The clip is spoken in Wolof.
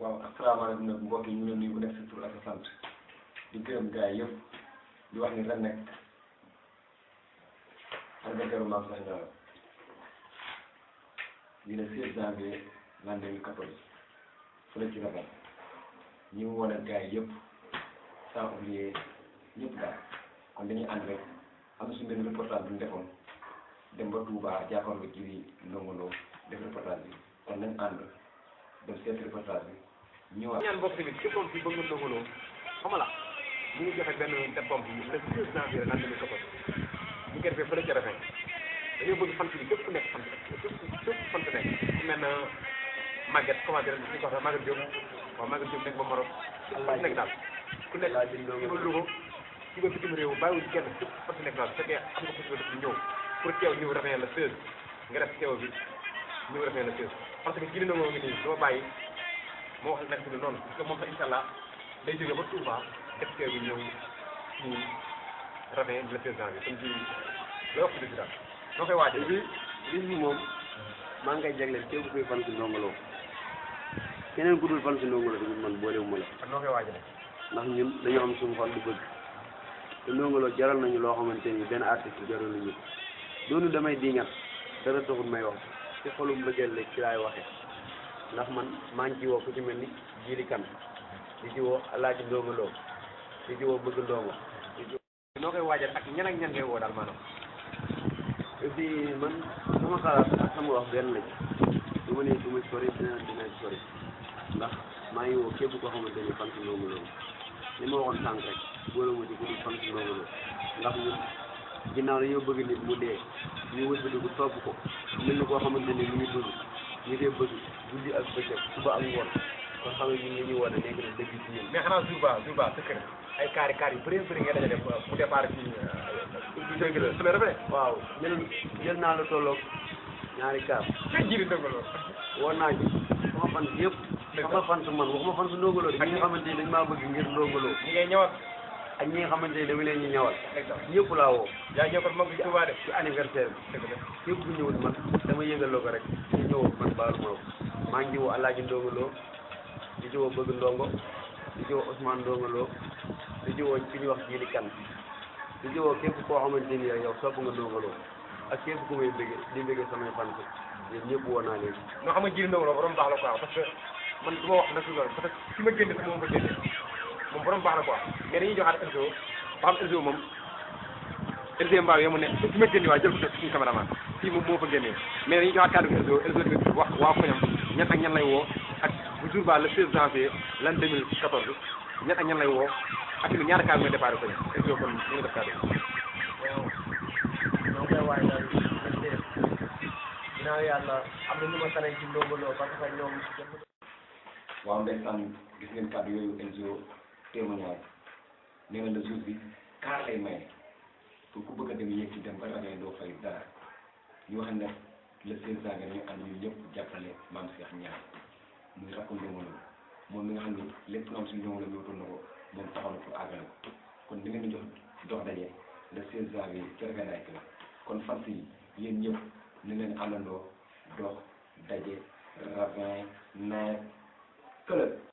waaw asalaamaaleykum nag mbokk yi ñu ngi leen nuyu bu di gërëm gars yi yëpp di wax ni ren nekk anniversaire Mame Saye Ndiaye di le 16 janvier l'an 2014 fële ci Rabat ñu ngi woon ak gars yi yëpp sans oublier ñëpp daal kon dañuy ànd rek am na suñu benn reportage bu ñu defoon dem ba Touba jàkkaarloo ji bi ndongolo def reportage bi kon nañ ànd dem seet reportage ñëwaat ñaan boobu tamit képp fi ba nga dogaloo xam la ñu ngi joxe benn te pompe yi presque deux cent viré naan dañu ko bu ngeen fee fële ca rafet dañoo bëgg sant bi képp ku nekk sant képp képp sant nekk ku mel na Maguette commencé nañ ci ko waxee Maguette Diop waaw Maguette Diop nekk ba Maroc ku nekk daal ku nekk ci ba Louga ci ba bitim réew bàyyiwuñ kenn képp sant nekk daal su fekkee am nga possibilité bi ñëw pour teew ñëw rafet la seize nga def teew bi ñëw rafet la seize parce que jili na moo ngi nii doo bàyyi moo bi noonu parce que moom sax incha allah day jóge ba Touba def kër gi ñëw ci bi comme ci koy ngi koy jagleel képp kuy fan si ndongoloo keneen ku dul fan si ndongoloo tamit man boolewuma la. ndax ñun dañoo am suñu fan lu bëgg te ndongoloo jaral nañu loo xamante ni benn artiste jaral nañu doonu damay diingat dara taxul may wax ci xolum mbëggeel la ci laay waxee. ndax man maa ngi jiwoo ku ci mel ni jiili kan di jiwoo alaaji ndongo loo di jiwoo bëgg ndongo di noo koy waajal ak ñan ak ñan ngay woo daal maanaam bi man sama xalaat ak sama wax benn lañ du ma ne sori ndax maa ngi woo képp koo xamante ni fan si ndongo loo li ma waxoon sànq rek boole wu ci ku dul fan si ndongo loo ndax ñun ginnaaw dañoo bëgg nit mu dee ñu wëlbati ko topp ko mel ni koo xamante ni mu ngi ñu dee bëgg guddi ak bëccëg suba ak ngoon kon xam nga ñun li ñuy woote nekk na dëgg ci ñun. mais xanaa Zouba Zouba sa kër ay kaar kaar yu bëree bëri nga daje def mu départ ci. Euh, dëgg la su la rafet. waaw ñun jël naa la tolloog ñaari kaar. te ji di dëgg la. woon naa ji sama fan yëpp. dëgg sama fan su man waxuma fan su Ndongo Lo de. ñi nga xamante ni dañu maa bëgg ngir Ndongo Lo. ñi ngay ñëwaat. ak ñi nga xamante ne dama leen ñu ñëwal. ñëpp laa woo. yaa ñëw ko mag bi Touba de. ci anniversaire bi. dëgg la ñëpp bu ñëwul man dama yëgaloo ko rek ñu ñëwul man. Ba Ngom maa ngi jiwoo Alaaji Ndongo Lo di jiwoo Bëgg Ndongo di jiwoo Ousmane Ndongo Lo di jiwoo ki ñuy wax Jili Kan di jiwoo képp koo xamante ni yow sopp nga Ndongo Lo ak képp ku may bëgg di bëgg samay fan yéen ñëpp woo naa leen. non xam nga Jili Ndongo Lo borom baax la quoi parce que man su ma wax nag loolu parce que ki ma génne sama ma génne moom borom baax la quoi mais dañuy joxaat réseau ba xam réseau moom réseau mbaaw yi mu ne su ma génne waa jël ko teg suñu caméraman fii moom moo fa génnee mais dañuy joxaat kàddu gi réseau réseau bi wax waa koñam ñan ak ñan lay woo ak bu jour ba le 16 janvier l'an 2014 ñan ak ñan lay woo ak tamit ñaata kàddu nga déparé koñam réseau kon ñu ngi def kàddu waaw koy waay daal ginnaaw yàlla am na ñu ma tane ci Ndongo Lo parce que ñoom waaw ndeysaan gis ngeen kàddu yooyu Elzo témoignage nee na la jour bi kaar lay maye pour ku bëgg a dem yéeg ci dem ba rajo doo fay dara ñu wax ne le seen saaga dañoo ànd ñun ñëpp jàppale maam Cheikh Niang muy rakku Ndongo Lo moom mi nga xam ne lépp lu am si Ndongo Lo yóbbu na ko moom taxaw na pour àggale ko kon ni ngeen di jox dox daje le seen a yi fergandaay ki la kon fas yi yéen ñëpp ni leen àndandoo dox daje ravin naaj këlëb